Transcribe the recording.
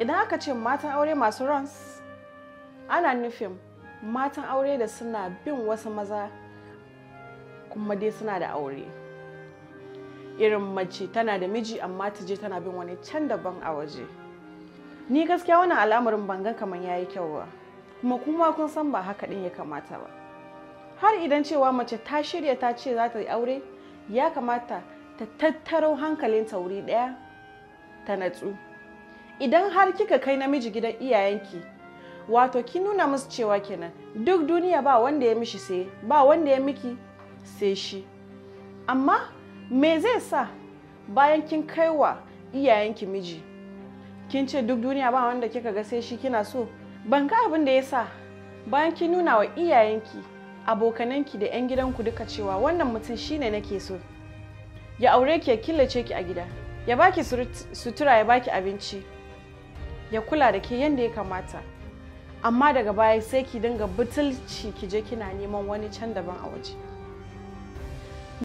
idan aka ce matan aure masu runs ana nufin matan aure da suna bin wasu maza kuma dai suna da aure irin mace tana da miji amma ta je tana bin wani can daban a waje ni gaskiya wannan al'amarin bangan kamar ya yi kyau ba kuma kuma kun san ba haka din ya kamata ba har idan cewa mace ta shirya ta ce za ta yi aure ya kamata ta tattaro hankalin tauri ɗaya ta natsu idan har kika kai namiji gidan iyayenki wato ki nuna musu cewa kenan duk duniya ba wanda ya mishi sai ba wanda ya miki sai shi amma me zai sa bayan kin kaiwa iyayenki miji kin ce duk duniya ba wanda kika ga sai shi kina so ban ga abin da ya sa bayan kin nuna wa iyayenki abokananki da 'yan gidanku duka cewa wannan mutum shine nake so ya aure ki ya killace ki a gida ya baki sutura ya baki abinci ya kula da ke yadda ya kamata amma daga baya sai ki dinga butulci ki je kina neman wani can daban a waje